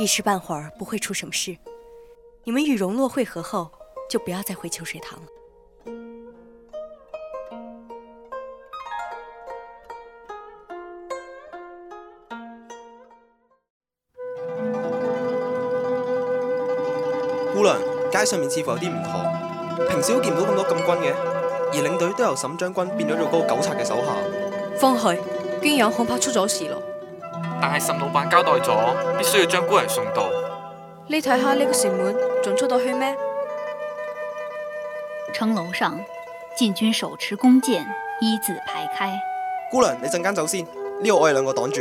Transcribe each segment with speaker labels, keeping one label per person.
Speaker 1: 一時半會兒不會出什麼事，你們與容洛匯合後，就不要再回秋水堂了。
Speaker 2: 姑娘，街上面似乎有啲唔同，平時都見唔到咁多禁軍嘅，而領隊都由沈將軍變咗做嗰個狗賊嘅手下。
Speaker 1: 方海，軍友恐怕出咗事咯。
Speaker 2: 但係沈老闆交代咗，必須要將姑娘送到。
Speaker 1: 你睇下呢個城門
Speaker 3: 仲出到去咩？城樓上，禁軍手持弓箭，一字排開。
Speaker 2: 姑娘，你陣間走先，呢個我哋兩個擋住。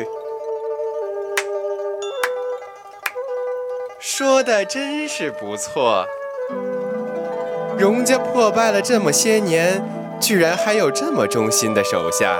Speaker 2: 說的真是不錯，容家破敗了這麼些年，居然還有這麼忠心的手下。